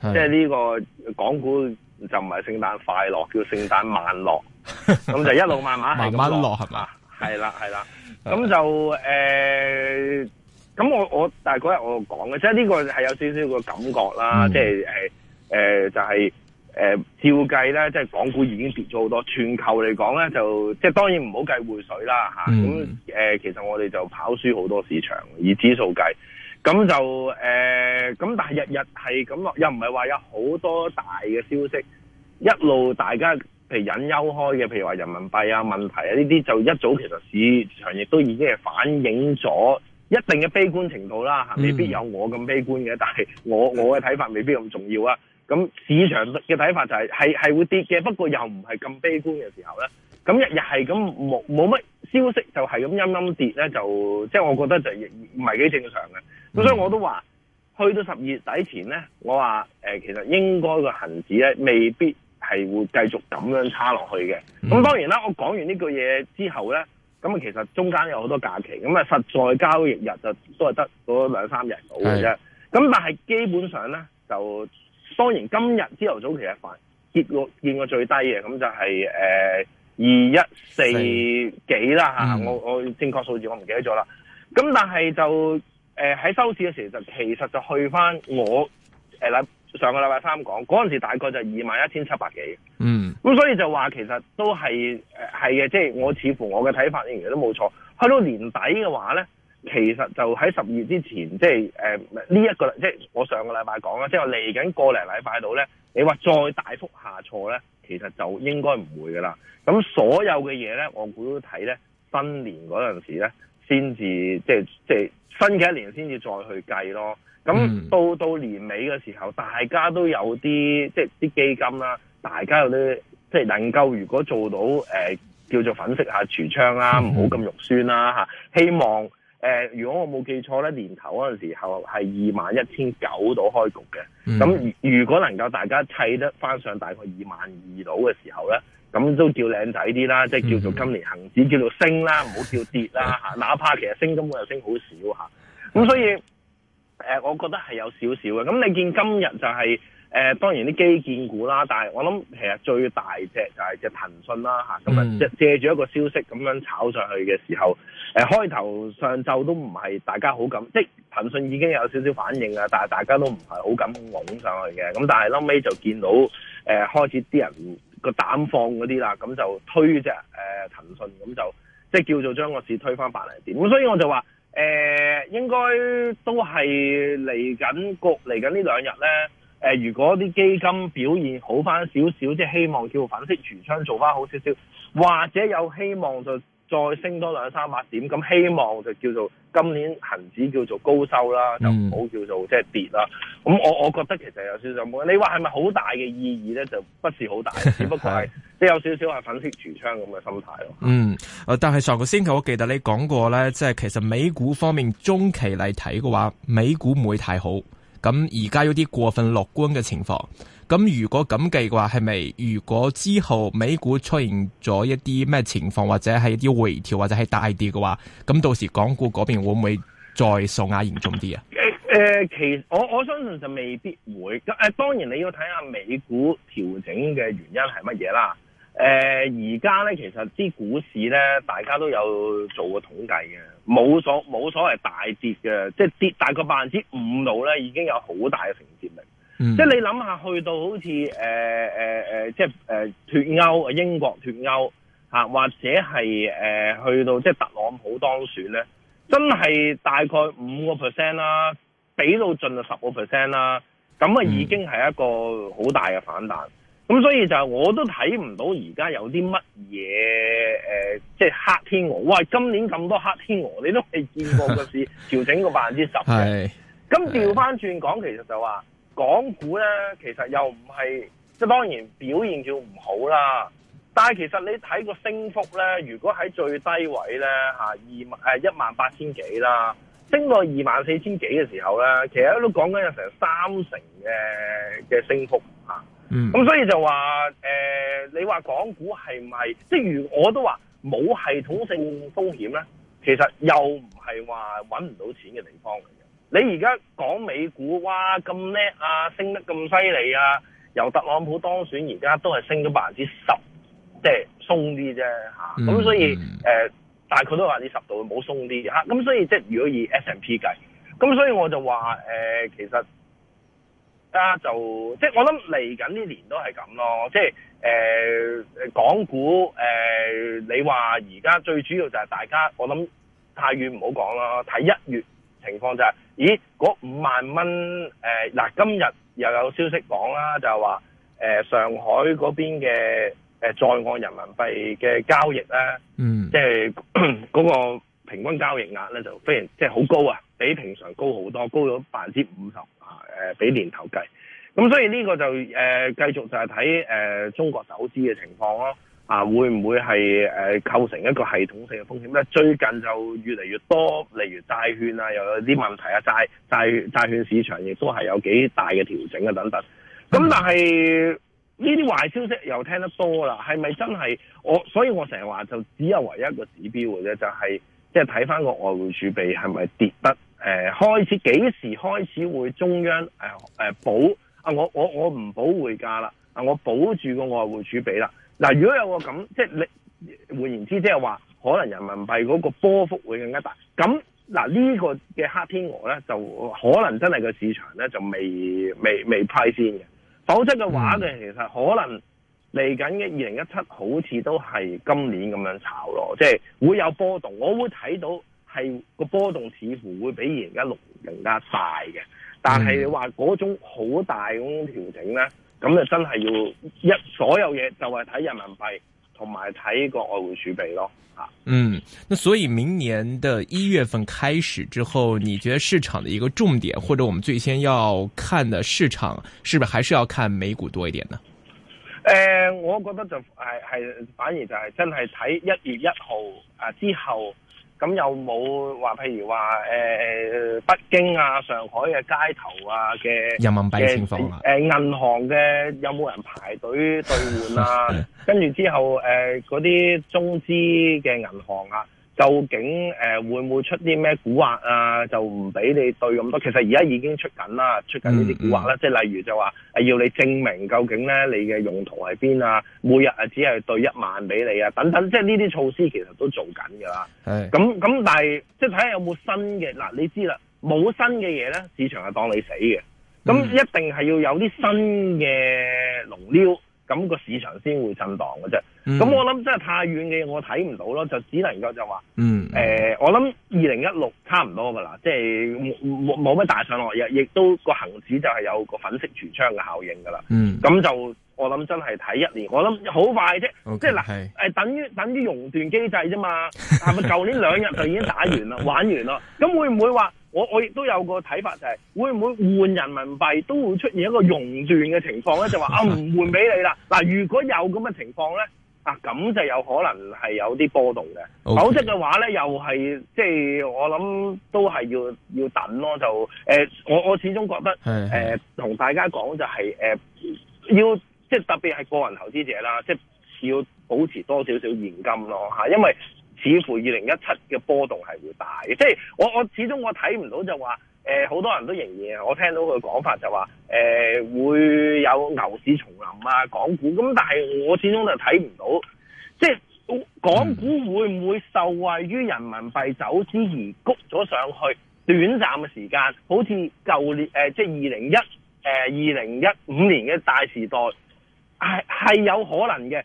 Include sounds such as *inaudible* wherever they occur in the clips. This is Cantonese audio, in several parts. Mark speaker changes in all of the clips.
Speaker 1: 即係呢個港股就唔係聖誕快樂，叫聖誕慢落，咁 *laughs* 就一路慢慢，慢，慢下落係嘛？係啦係啦，咁 *laughs* 就誒，咁、呃、我我但係嗰日我講嘅，即係呢個係有少少個感覺啦，即係誒誒就係、是、誒、呃就是呃、照計咧，即係港股已經跌咗好多，全球嚟講咧就即係、就是、當然唔好計匯水啦吓，咁、嗯、誒、啊呃、其實我哋就跑輸好多市場，以指數計。咁就誒，咁、呃、但係日日係咁落，又唔係話有好多大嘅消息，一路大家譬如隱憂開嘅，譬如話人民幣啊問題啊呢啲，就一早其實市場亦都已經係反映咗一定嘅悲觀程度啦，未必有我咁悲觀嘅，但係我我嘅睇法未必咁重要啊。咁市場嘅睇法就係、係、係會跌嘅，不過又唔係咁悲觀嘅時候咧。咁日日係咁冇冇乜消息就係咁陰陰跌咧，就即係我覺得就唔係幾正常嘅。咁、mm. 所以我都話，去到十二月底前咧，我話誒、呃、其實應該個恆指咧未必係會繼續咁樣差落去嘅。咁、mm. 當然啦，我講完呢句嘢之後咧，咁啊其實中間有好多假期，咁啊實在交易日就都係得嗰兩三日到嘅啫。咁但係基本上咧，就當然今日朝頭早其實見過見過最低嘅，咁就係誒二一四幾啦嚇。Mm. 我我正確數字我唔記得咗啦。咁但係就。誒、呃，喺收市嘅時候就其實就去翻我誒、呃，上個禮拜三講嗰陣時大概就二萬一千七百幾。
Speaker 2: 嗯，咁
Speaker 1: 所以就話其實都係誒係嘅，即、呃、係、就是、我似乎我嘅睇法仍然都冇錯。去到年底嘅話咧，其實就喺十二月之前，就是呃這個、即係誒呢一個即係我上個禮拜講啦，即係嚟緊過嚟禮拜度咧，你話再大幅下挫咧，其實就應該唔會噶啦。咁所有嘅嘢咧，我估睇咧新年嗰陣時咧。先至即係即係新嘅一年，先至再去計咯。咁到、嗯、到年尾嘅時候，大家都有啲即係啲基金啦，大家有啲即係能夠如果做到誒、呃、叫做粉飾下櫥窗啦，唔好咁肉酸啦嚇。希望誒、呃、如果我冇記錯咧，年頭嗰陣時候係二萬一千九到開局嘅。咁、嗯、如果能夠大家砌得翻上大概二萬二到嘅時候咧。咁都叫靚仔啲啦，即係叫做今年恒指叫做升啦，唔好叫跌啦吓。哪怕其實升根本又升好少吓，咁所以誒，我覺得係有少少嘅。咁你見今日就係、是、誒、呃，當然啲基建股啦，但係我諗其實最大隻就係隻騰訊啦吓。咁啊借借住一個消息咁樣炒上去嘅時候，誒、呃，開頭上晝都唔係大家好敢，即係騰訊已經有少少反應啦，但係大家都唔係好敢拱上去嘅。咁但係後尾就見到誒、呃，開始啲人。個膽放嗰啲啦，咁就推隻，誒、呃，騰訊咁就即叫做將個市推翻百零點。咁所以我就話誒、呃，應該都係嚟緊局嚟緊呢兩日咧，如果啲基金表現好翻少少，即係希望叫粉飾櫥窗做翻好少少，或者有希望就。再升多兩三百點，咁希望就叫做今年恒指叫做高收啦，就唔好叫做即係跌啦。咁、嗯、我我覺得其實有少少冇，你話係咪好大嘅意義咧？就不是好大，只不過係即係有少少係粉飾櫥窗咁嘅心態咯。
Speaker 3: 嗯，但係上個星期我記得你講過咧，即係其實美股方面中期嚟睇嘅話，美股唔會太好。咁而家有啲過分樂觀嘅情況。咁如果咁計嘅話，係咪如果之後美股出現咗一啲咩情況，或者係一啲回調，或者係大跌嘅話，咁到時港股嗰邊會唔會再受壓嚴重啲啊？誒、
Speaker 1: 呃呃，其實我我相信就未必會。誒、呃，當然你要睇下美股調整嘅原因係乜嘢啦。誒、呃，而家咧其實啲股市咧，大家都有做過統計嘅，冇所冇所謂大跌嘅，即係跌大概百分之五度咧，已經有好大嘅承接力。嗯、即係你諗下，去到好似誒誒誒，即係誒脫歐啊，英國脫歐吓，或者係誒、呃、去到即係特朗普當選咧，真係大概五個 percent 啦，俾、啊、到盡、啊、就十個 percent 啦，咁啊已經係一個好大嘅反彈。咁、嗯、所以就係我都睇唔到而家有啲乜嘢誒，即係黑天鵝。喂，今年咁多黑天鵝，你都未見過個市調 *laughs* 整個、嗯、過百分之十
Speaker 3: 嘅。
Speaker 1: 咁調翻轉講，其實就話。港股咧，其實又唔係即係當然表現叫唔好啦，但係其實你睇個升幅咧，如果喺最低位咧，二、呃、一萬八千幾啦，升到二萬四千幾嘅時候咧，其實都講緊有成三成嘅嘅升幅吓、啊 mm. 嗯、咁所以就話、呃、你話港股係唔係即係如我都話冇系統性風險咧，其實又唔係話揾唔到錢嘅地方。你而家講美股，哇咁叻啊，升得咁犀利啊！由特朗普當選，現在是是而家都係升咗百分之十，即係鬆啲啫嚇。咁所以誒、嗯呃，大概都百分之十度鬆一點，冇鬆啲嚇。咁所以即係如果以 S&P 計，咁所以我就話誒、呃，其實家、呃、就即係我諗嚟緊呢年都係咁咯。即係誒誒，港股誒、呃，你話而家最主要就係大家，我諗太遠唔好講啦，睇一月情況就係、是。咦，嗰五萬蚊誒嗱，今日又有消息講啦，就係話誒上海嗰邊嘅誒在岸人民幣嘅交易咧，嗯，即係嗰個平均交易額咧就非常即係好高啊，比平常高好多，高咗百分之五十啊誒，比年頭計，咁所以呢個就誒繼續就係睇誒中國走資嘅情況咯。啊，會唔會係誒、呃、構成一個系統性嘅風險咧？最近就越嚟越多，例如債券啊，又有啲問題啊，債債債券市場亦都係有幾大嘅調整啊，等等。咁但係呢啲壞消息又聽得多啦，係咪真係我？所以我成日話就只有唯一一個指標嘅啫，就係即係睇返個外匯儲備係咪跌得誒、呃，開始幾時開始會中央誒誒、呃呃、保啊、呃？我我我唔保匯價啦，啊、呃、我保住個外匯儲備啦。嗱，如果有個咁，即係你換言之，即係話可能人民幣嗰個波幅會更加大。咁嗱呢個嘅黑天鵝咧，就可能真係個市場咧就未未未派先嘅。否則嘅話咧、嗯，其實可能嚟緊嘅二零一七好似都係今年咁樣炒咯，即係會有波動。我會睇到係個波動似乎會比二零一六更加大嘅。但係你話嗰種好大嗰種調整咧？咁就真係要一，所有嘢就係睇人民幣同埋睇個外匯儲備咯，吓。
Speaker 3: 嗯，所以明年的一月份開始之後，你覺得市場的一個重點，或者我們最先要看的市場，是不是還是要看美股多一點呢？誒、
Speaker 1: 呃，我覺得就係係反而就係真係睇一月一號啊之後。咁有冇話譬如話，誒、呃、北京啊、上海嘅街頭啊嘅人民幣情況啊？誒，銀、呃、行嘅有冇人排隊兌換啊？ *laughs* 跟住之後誒，嗰、呃、啲中資嘅銀行啊？究竟誒、呃、會唔會出啲咩古惑啊？就唔俾你對咁多。其實而家已經出緊啦，出緊呢啲古惑啦。即係例如就話，要你證明究竟咧你嘅用途喺邊啊？每日啊只係對一萬俾你啊，等等。即係呢啲措施其實都做緊㗎啦。
Speaker 2: 咁
Speaker 1: 咁、嗯嗯，但係即係睇下有冇新嘅。嗱，你知啦，冇新嘅嘢咧，市場係當你死嘅。咁一定係要有啲新嘅龍料。咁、那個市場先會震盪嘅啫。咁、嗯、我諗真係太遠嘅，我睇唔到咯。就只能夠就話，誒、嗯呃，我諗二零一六差唔多㗎啦。即係冇冇乜大上落，日，亦都個恆指就係有個粉飾櫥窗嘅效應㗎啦。咁、嗯、就我諗真係睇一年，我諗好快啫。Okay, 即係嗱、呃，等於等於熔斷機制啫嘛。係咪舊年兩日就已經打完啦、玩完啦？咁會唔會話？我我亦都有個睇法，就係會唔會換人民幣都會出現一個熔斷嘅情況咧？ *laughs* 就話啊唔換俾你啦！嗱，如果有咁嘅情況咧，啊咁就有可能係有啲波動嘅。Okay. 否則嘅話咧，又係即係我諗都係要要等咯。就誒、呃，我我始終覺得誒同、呃、大家講就係、是、誒、
Speaker 2: 呃、要
Speaker 1: 即係特別係個人投資者啦，即係要保持多少少現金咯吓，因為，似乎二零一七嘅波動係會大，即係我我始終我睇唔到就話誒好多人都仍然，我聽到佢講法就話誒、呃、會有牛市叢林啊，港股，咁但係我始終都睇唔到，即係港股會唔會受惠於人民幣走之而谷咗上去？短暫嘅時間好似舊年誒、呃、即係二零一誒二零一五年嘅大時代，係係有可能嘅。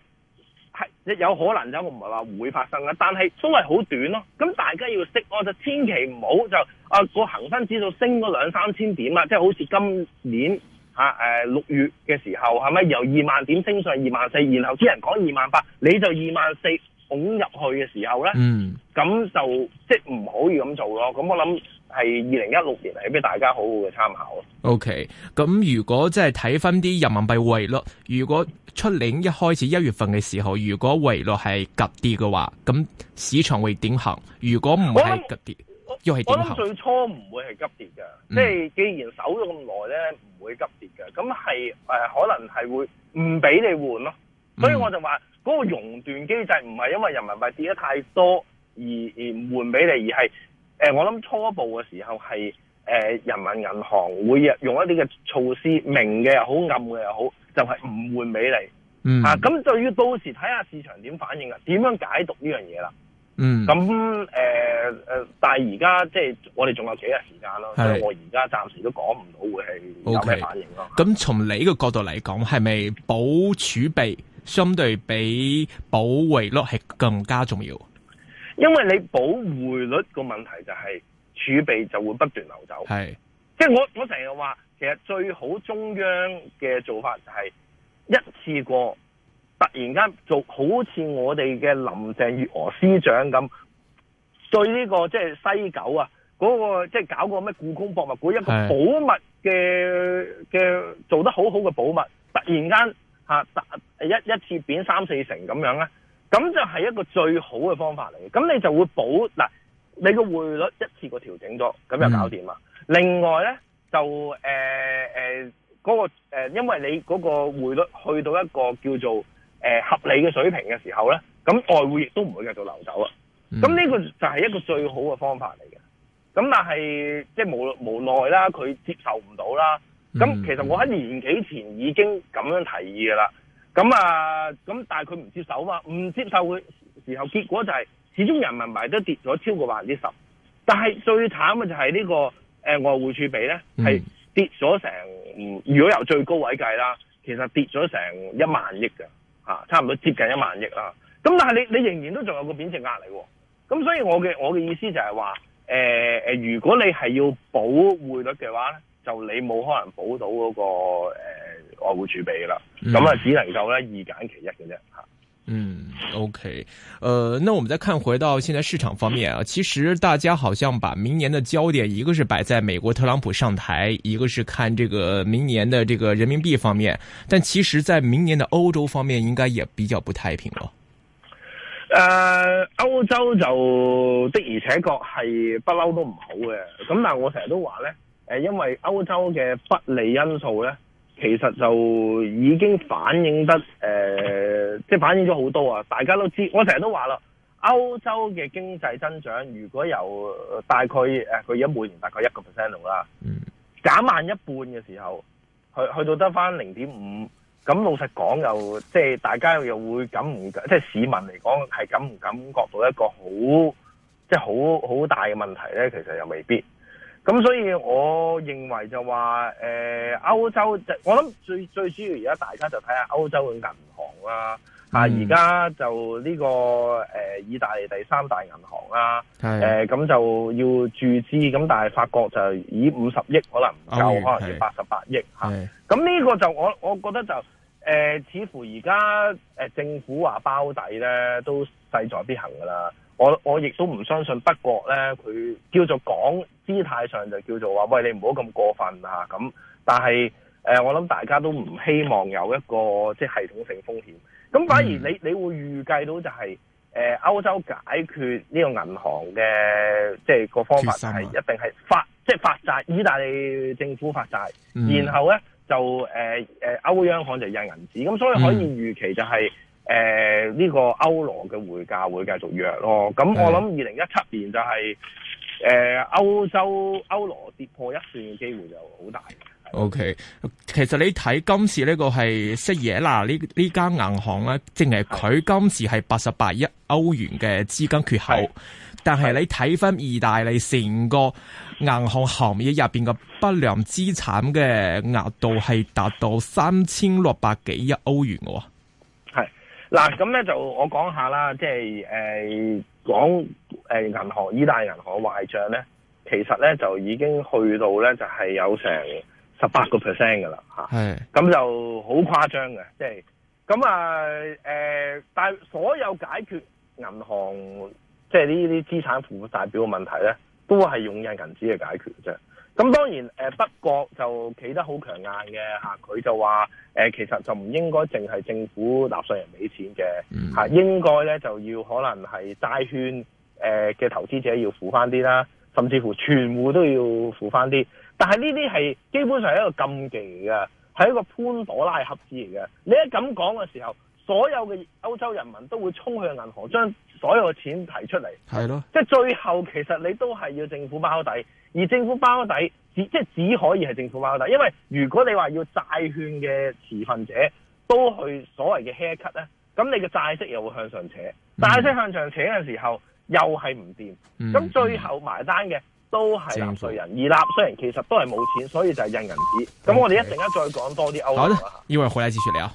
Speaker 1: 係，有可能就我唔係話唔會發生噶，但係都係好短咯。咁大家要識，我就千祈唔好就啊個恒生指數升咗兩三千點啦，即係好似今年吓誒六月嘅時候係咪由二萬點升上二萬四，然後啲人講二萬八，你就二萬四拱入去嘅時候咧，咁、嗯、就即係唔可以咁做咯。咁我諗。係二零一六年，嚟俾大家好好嘅參考。
Speaker 3: O K，咁如果即係睇翻啲人民幣匯率，如果出年一開始一月份嘅時候，如果匯率係急跌嘅話，咁市場會點行？如果唔係急跌，又係點行？我諗最
Speaker 1: 初唔會係急跌㗎，嗯，即係既然守咗咁耐咧，唔會急跌㗎。咁係誒，可能係會唔俾你換咯。所以我就話嗰，嗯嗰個熔斷機制唔係因為人民幣跌得太多而而唔換俾你，而係。誒，我諗初步嘅時候係誒，人民銀行會用一啲嘅措施，明嘅又好，暗嘅又好，就係唔換畀你。
Speaker 2: 嗯，吓、啊、咁
Speaker 1: 就要到時睇下市場點反應啊，點樣解讀呢樣嘢啦。嗯，咁誒誒，但係而家即係我哋仲有幾日時間咯，我而家暫時都講唔到會係有咩反應咯。咁、okay.
Speaker 3: 從你個角度嚟講，係咪保儲備相對比保匯率係更加重要？
Speaker 1: 因為你保匯率個問題就係、是、儲備就會不斷流走，係即係我我成日話，其實最好中央嘅做法就係、是、一次過突然間做好似我哋嘅林鄭月娥司長咁，對呢、這個即係西九啊嗰、那個即係搞個咩故宮博物館一個保密嘅嘅做得好好嘅保密，突然間嚇、啊、一一次貶三四成咁樣咧。咁就係一個最好嘅方法嚟嘅，咁你就會保嗱你個匯率一次過調整咗，咁
Speaker 3: 就搞掂啦、嗯。
Speaker 1: 另外咧就誒誒嗰個、呃、因為你嗰個匯率去到一個叫做誒、呃、合理嘅水平嘅時候咧，咁外匯亦都唔會繼續流走啦。咁、嗯、呢個就係一個最好嘅方法嚟嘅。咁但係即係無無奈啦，佢接受唔到啦。咁、嗯、其實我喺年幾前已經咁樣提議㗎啦。咁、嗯嗯、啊，咁但係佢唔接受啊嘛。唔接受嘅時候，結果就係始終人民幣都跌咗超過百分之十。但係最慘嘅就係、這個呃、呢個誒外匯儲備咧，係跌咗成，
Speaker 2: 如果由最
Speaker 1: 高位計啦，其實跌咗成一萬億嘅吓、啊，差唔多接近一萬億啦。咁、嗯、但係你你仍然都仲有個貶值壓力喎、啊。咁所以我嘅我嘅意思就係話，誒、呃、誒，如果你係要保匯率嘅話咧，就你冇可能保到嗰、那個誒。呃外匯儲備啦，咁啊只能夠咧二揀其
Speaker 3: 一嘅啫吓。嗯，嗯，OK，呃，那我們再看回到現在市場方面啊，其實大家好像把明年的焦點，一個是擺在美國特朗普上台，一個是看這個明年的這個人民幣方面，但其實，在明年的歐洲方面，應該也比較不太平咯。
Speaker 1: 誒、呃，歐洲就的而且確係不嬲都唔好嘅，咁但係我成日都話咧，誒，因為歐洲嘅不利因素咧。其實就已經反映得誒、呃，即係反映咗好多啊！大家都知，我成日都話啦，歐洲嘅經濟增長，如果由大概誒佢而家每年大概一個 percent 啦，減慢一半嘅時候，
Speaker 4: 去去到
Speaker 1: 得返零點五，咁老實講又即係大家又會感唔即係市民嚟講係感唔感覺到一個好即係好好大嘅問題咧？其實又未必。咁所以，我認為就話，誒、呃、歐洲就我諗最最主要而家大家就睇下歐洲嘅銀行啦、
Speaker 2: 啊，而、嗯、家、
Speaker 1: 啊、就呢、這個誒、呃、意大利第三大銀行啦、啊，咁、呃、就要注資，咁但係法國就以五十億可能唔夠，可能要八十八億咁呢、啊、個就我我覺得就誒、呃、似乎而家、呃、政府話包底咧，都勢在必行㗎啦。我我亦都唔相信德國咧，佢叫做講姿態上就叫做話，喂，你唔好咁過分啊咁。但係、呃、我諗大家都唔希望有一個即係系統性風險。咁反而你你會預計到就係、是、誒、呃、歐洲解決呢個銀行嘅即係個方法就係、啊、一定係發即係發債，意大利政府發債、嗯，然後咧就誒誒、呃呃、歐央行就印銀紙。咁所以可以預期就係、是。嗯誒、呃，呢、這個歐羅嘅匯價會繼續弱咯。咁我諗二零一七年就係、是、誒、呃，歐洲歐羅跌破一線嘅機會就好大。
Speaker 3: O、okay, K，其實你睇今次呢個係失業啦，呢呢間銀行咧，淨係佢今次係八十八億歐元嘅資金缺口。但係你睇翻意大利成個銀行行業入邊嘅不良資產嘅額度係達到三千六百幾億歐元。
Speaker 1: 嗱，咁咧就我講下啦，即係誒、欸、講誒、欸、銀行意大利銀行壞賬咧，其實咧就已經去到咧就係、是、有成十八個 percent 嘅啦嚇，咁、啊、就好誇張嘅，即係咁啊誒、欸，但所有解決銀行即係呢啲資產負債表嘅問題咧，都係用印銀紙去解決嘅啫。咁當然，誒、呃、德國就企得好強硬嘅嚇，佢、啊、就話誒、啊、其實就唔應該淨係政府納稅人俾錢嘅嚇、啊，應該咧就要可能係債券誒嘅、呃、投資者要付翻啲啦，甚至乎全戶都要付翻啲。但係呢啲係基本上係一個禁忌嚟嘅，係一個潘多拉盒子嚟嘅。你一咁講嘅時候，所有嘅歐洲人民都會衝向銀行，將所有嘅錢提出嚟，係咯，即係最後其實你都係要政府包底。而政府包底只即只可以係政府包底，因為如果你話要債券嘅持份者都去所謂嘅 hair cut 咧，咁你嘅債息又會向上扯，債息向上扯嘅時候又係唔掂，咁、嗯、最後埋單嘅都係納稅人，而納稅人其實都係冇錢，所以就係印銀紙。咁、okay. 我哋一陣間再講多啲歐。好的，
Speaker 3: 一會回來繼續聊。